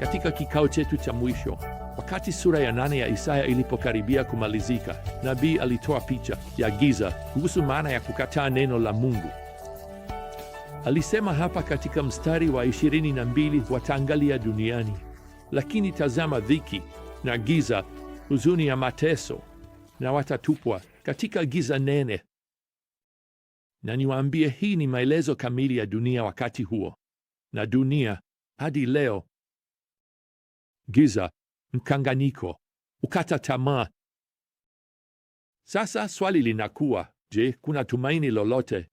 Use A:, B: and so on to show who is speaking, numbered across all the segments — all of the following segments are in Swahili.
A: Katika kikao chetu cha mwisho, wakati sura ya nane ya Isaya ilipokaribia kumalizika, nabii alitoa picha ya giza kuhusu maana ya kukataa neno la Mungu. Alisema hapa katika mstari wa 22, wataangalia duniani, lakini tazama dhiki na giza, huzuni ya mateso, na watatupwa katika giza nene. Na niwaambie, hii ni maelezo kamili ya dunia wakati huo na dunia hadi leo giza, mkanganyiko, ukata tamaa. Sasa swali linakuwa, je, kuna tumaini lolote?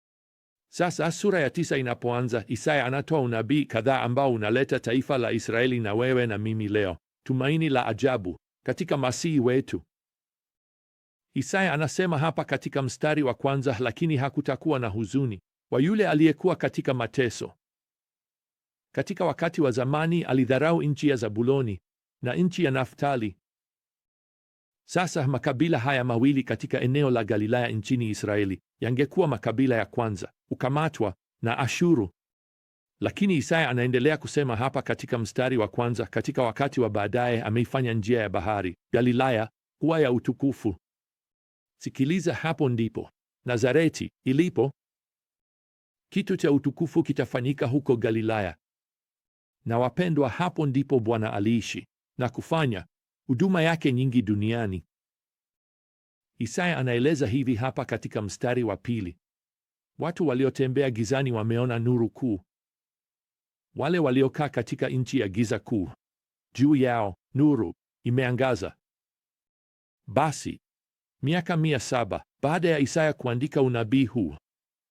A: Sasa sura ya tisa inapoanza, Isaya anatoa unabii kadhaa ambao unaleta taifa la Israeli na wewe na mimi leo tumaini la ajabu katika Masihi wetu. Isaya anasema hapa katika mstari wa kwanza, lakini hakutakuwa na huzuni kwa yule aliyekuwa katika mateso. Katika wakati wa zamani alidharau nchi ya Zabuloni na nchi ya Naftali. Sasa makabila haya mawili katika eneo la Galilaya nchini Israeli yangekuwa makabila ya kwanza ukamatwa na Ashuru. Lakini Isaya anaendelea kusema hapa katika mstari wa kwanza, katika wakati wa baadaye ameifanya njia ya bahari Galilaya kuwa ya utukufu. Sikiliza, hapo ndipo Nazareti ilipo. Kitu cha utukufu kitafanyika huko Galilaya. Na wapendwa, hapo ndipo Bwana aliishi na kufanya huduma yake nyingi duniani. Isaya anaeleza hivi hapa katika mstari wa pili: watu waliotembea gizani wameona nuru kuu, wale waliokaa katika nchi ya giza kuu, juu yao nuru imeangaza. Basi miaka mia saba baada ya Isaya kuandika unabii huu,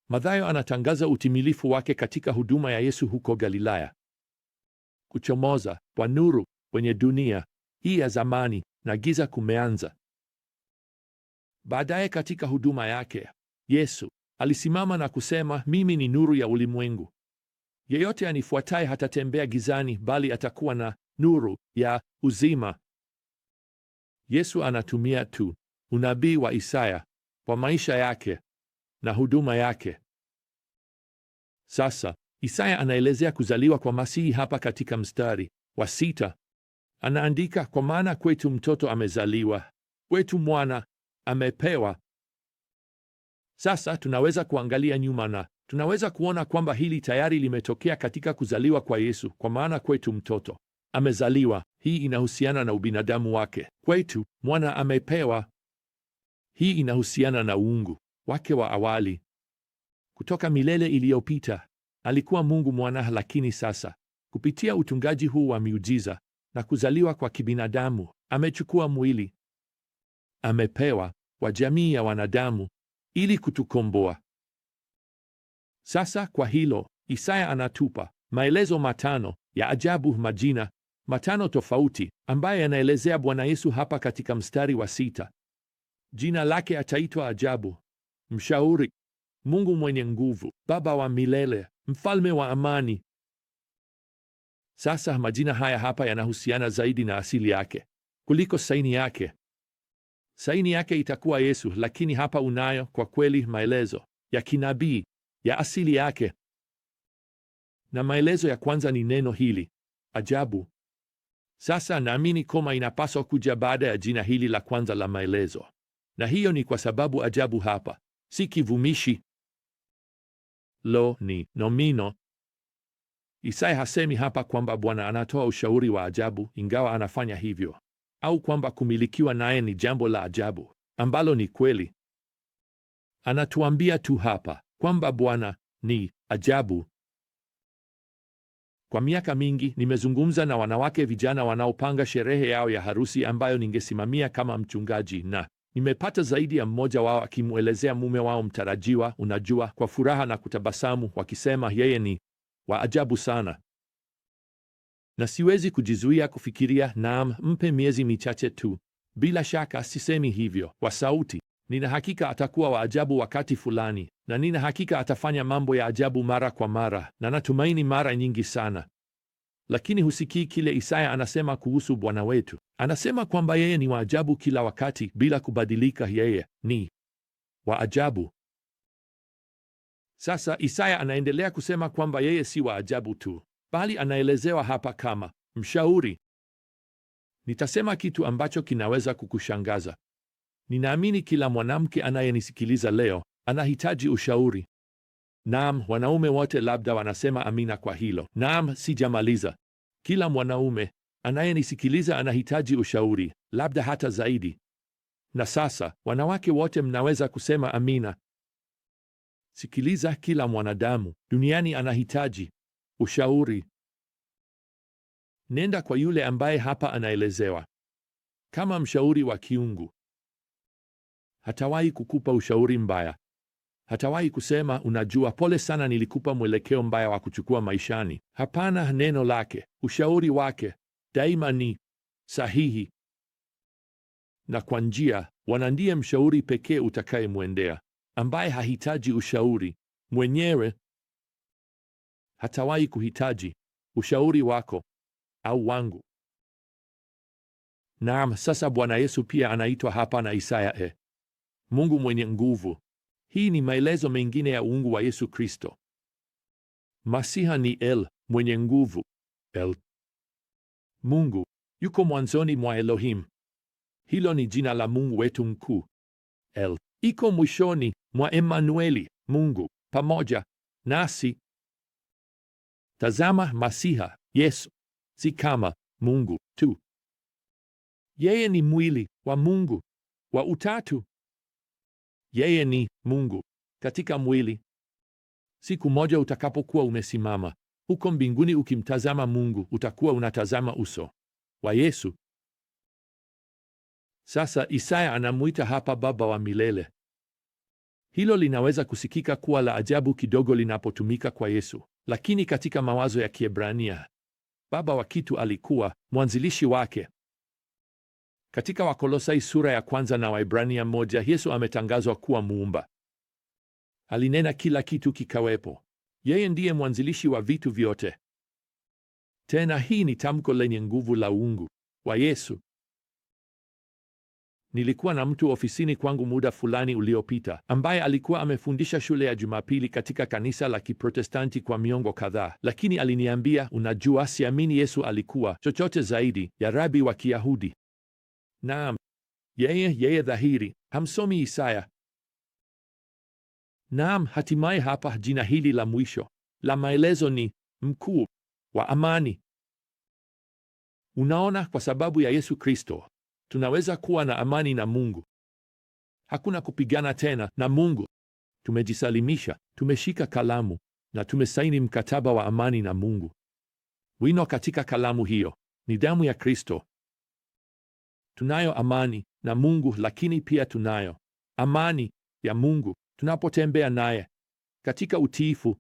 A: Mathayo anatangaza utimilifu wake katika huduma ya Yesu huko Galilaya. Kuchomoza kwa nuru kwenye dunia hii ya zamani na giza kumeanza. Baadaye katika huduma yake, Yesu alisimama na kusema, mimi ni nuru ya ulimwengu, yeyote anifuataye hatatembea gizani, bali atakuwa na nuru ya uzima. Yesu anatumia tu unabii wa Isaya kwa maisha yake na huduma yake. Sasa Isaya anaelezea kuzaliwa kwa Masihi hapa katika mstari wa sita. Anaandika, kwa maana kwetu mtoto amezaliwa, kwetu mwana amepewa. Sasa tunaweza kuangalia nyuma na tunaweza kuona kwamba hili tayari limetokea katika kuzaliwa kwa Yesu, kwa maana kwetu mtoto amezaliwa. Hii inahusiana na ubinadamu wake. Kwetu mwana amepewa. Hii inahusiana na uungu wake wa awali. Kutoka milele iliyopita alikuwa Mungu mwana, lakini sasa kupitia utungaji huu wa miujiza na kuzaliwa kwa kibinadamu, amechukua mwili, amepewa kwa jamii ya wanadamu ili kutukomboa. Sasa kwa hilo Isaya anatupa maelezo matano ya ajabu, majina matano tofauti ambayo yanaelezea Bwana Yesu hapa katika mstari wa sita. Jina lake ataitwa Ajabu, Mshauri, Mungu mwenye nguvu, Baba wa milele, Mfalme wa amani. Sasa majina haya hapa yanahusiana zaidi na asili yake kuliko saini yake. Saini yake itakuwa Yesu, lakini hapa unayo kwa kweli maelezo ya kinabii ya asili yake, na maelezo ya kwanza ni neno hili ajabu. Sasa naamini koma inapaswa kuja baada ya jina hili la kwanza la maelezo, na hiyo ni kwa sababu ajabu hapa si kivumishi. Lo, ni nomino Isaya hasemi hapa kwamba Bwana anatoa ushauri wa ajabu, ingawa anafanya hivyo, au kwamba kumilikiwa naye ni jambo la ajabu ambalo ni kweli. Anatuambia tu hapa kwamba Bwana ni ajabu. Kwa miaka mingi nimezungumza na wanawake vijana wanaopanga sherehe yao ya harusi ambayo ningesimamia kama mchungaji, na nimepata zaidi ya mmoja wao akimwelezea mume wao mtarajiwa, unajua, kwa furaha na kutabasamu, wakisema yeye ni wa ajabu sana, na siwezi kujizuia kufikiria, naam, mpe miezi michache tu. Bila shaka sisemi hivyo kwa sauti. Nina hakika atakuwa wa ajabu wakati fulani, na nina hakika atafanya mambo ya ajabu mara kwa mara, na natumaini mara nyingi sana. Lakini husikii kile Isaya anasema kuhusu Bwana wetu. Anasema kwamba yeye ni wa ajabu kila wakati, bila kubadilika. Yeye ni wa ajabu. Sasa Isaya anaendelea kusema kwamba yeye si wa ajabu tu, bali anaelezewa hapa kama mshauri. Nitasema kitu ambacho kinaweza kukushangaza. Ninaamini kila mwanamke anayenisikiliza leo anahitaji ushauri. Naam, wanaume wote labda wanasema amina kwa hilo. Naam, sijamaliza. Kila mwanaume anayenisikiliza anahitaji ushauri, labda hata zaidi. Na sasa wanawake wote mnaweza kusema amina. Sikiliza, kila mwanadamu duniani anahitaji ushauri. Nenda kwa yule ambaye hapa anaelezewa kama mshauri wa kiungu. Hatawahi kukupa ushauri mbaya. Hatawahi kusema unajua, pole sana, nilikupa mwelekeo mbaya wa kuchukua maishani. Hapana, neno lake, ushauri wake daima ni sahihi, na kwa njia wana ndiye mshauri pekee utakayemwendea ambaye hahitaji ushauri mwenyewe. Hatawahi kuhitaji ushauri wako au wangu. Naam, sasa Bwana Yesu pia anaitwa hapa na Isaya e, Mungu mwenye nguvu. Hii ni maelezo mengine ya uungu wa Yesu Kristo. Masiha ni El, mwenye nguvu. El, Mungu yuko mwanzoni mwa Elohim. Hilo ni jina la Mungu wetu mkuu El iko mwishoni mwa Emanueli, Mungu pamoja nasi. Tazama Masiha Yesu si kama Mungu tu, yeye ni mwili wa Mungu wa Utatu. Yeye ni Mungu katika mwili. Siku moja utakapokuwa umesimama huko mbinguni ukimtazama Mungu, utakuwa unatazama uso wa Yesu. Sasa Isaya anamuita hapa Baba wa milele, hilo linaweza kusikika kuwa la ajabu kidogo linapotumika kwa Yesu, lakini katika mawazo ya Kiebrania, baba wa kitu alikuwa mwanzilishi wake. Katika Wakolosai sura ya kwanza na Waebrania moja, Yesu ametangazwa kuwa muumba. Alinena kila kitu kikawepo. Yeye ndiye mwanzilishi wa vitu vyote. Tena hii ni tamko lenye nguvu la uungu wa Yesu. Nilikuwa na mtu ofisini kwangu muda fulani uliopita ambaye alikuwa amefundisha shule ya Jumapili katika kanisa la Kiprotestanti kwa miongo kadhaa, lakini aliniambia, unajua, siamini Yesu alikuwa chochote zaidi ya rabi wa Kiyahudi. Naam, yeye yeye dhahiri hamsomi Isaya. Naam, hatimaye hapa jina hili la mwisho la maelezo ni mkuu wa amani. Unaona, kwa sababu ya Yesu Kristo tunaweza kuwa na amani na Mungu. Hakuna kupigana tena na Mungu. Tumejisalimisha, tumeshika kalamu na tumesaini mkataba wa amani na Mungu. Wino katika kalamu hiyo ni damu ya Kristo. Tunayo amani na Mungu, lakini pia tunayo amani ya Mungu tunapotembea naye katika utiifu.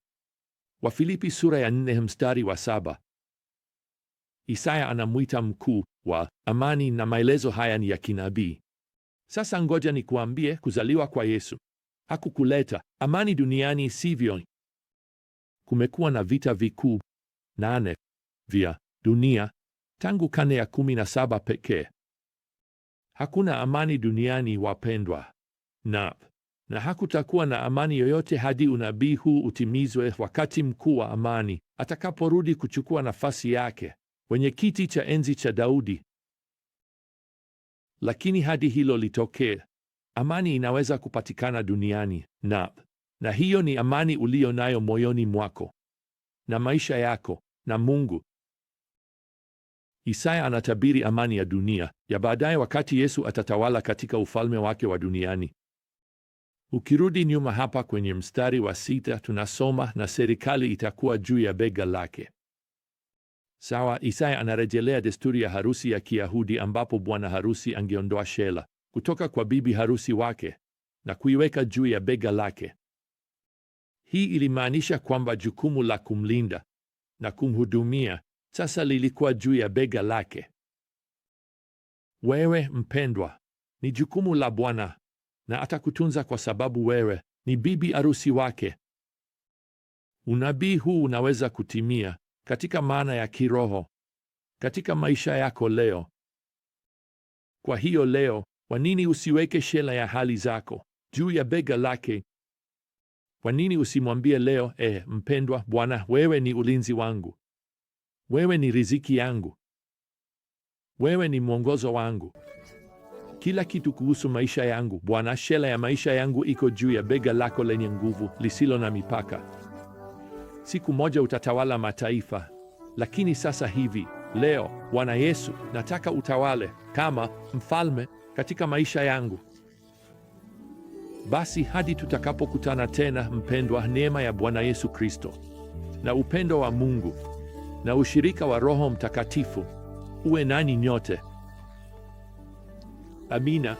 A: Wafilipi sura ya nne mstari wa saba. Isaya anamwita mkuu wa amani, na maelezo haya ni ya kinabii. Sasa ngoja nikuambie, kuzaliwa kwa Yesu hakukuleta amani duniani, sivyo? Kumekuwa na vita vikuu nane vya dunia tangu karne ya kumi na saba pekee. Hakuna amani duniani wapendwa, na na hakutakuwa na amani yoyote hadi unabii huu utimizwe, wakati mkuu wa amani atakaporudi kuchukua nafasi yake kwenye kiti cha enzi cha Daudi. Lakini hadi hilo litokee, amani inaweza kupatikana duniani, na na hiyo ni amani uliyo nayo moyoni mwako na maisha yako na Mungu. Isaya anatabiri amani ya dunia ya baadaye wakati Yesu atatawala katika ufalme wake wa duniani. Ukirudi nyuma hapa kwenye mstari wa sita tunasoma na serikali itakuwa juu ya bega lake. Sawa, Isaya anarejelea desturi ya harusi ya Kiyahudi ambapo bwana harusi angeondoa shela kutoka kwa bibi harusi wake na kuiweka juu ya bega lake. Hii ilimaanisha kwamba jukumu la kumlinda na kumhudumia sasa lilikuwa juu ya bega lake. Wewe mpendwa, ni jukumu la Bwana na atakutunza kwa sababu wewe ni bibi harusi wake. Unabii huu unaweza kutimia katika maana ya kiroho katika maisha yako leo. Kwa hiyo leo, kwa nini usiweke shela ya hali zako juu ya bega lake? Kwa nini usimwambie leo, eh, mpendwa Bwana, wewe ni ulinzi wangu, wewe ni riziki yangu, wewe ni mwongozo wangu, kila kitu kuhusu maisha yangu. Bwana, shela ya maisha yangu iko juu ya bega lako lenye nguvu lisilo na mipaka siku moja utatawala mataifa. Lakini sasa hivi leo, Bwana Yesu, nataka utawale kama mfalme katika maisha yangu. Basi hadi tutakapokutana tena, mpendwa, neema ya Bwana Yesu Kristo na upendo wa Mungu na ushirika wa Roho Mtakatifu uwe nani nyote. Amina.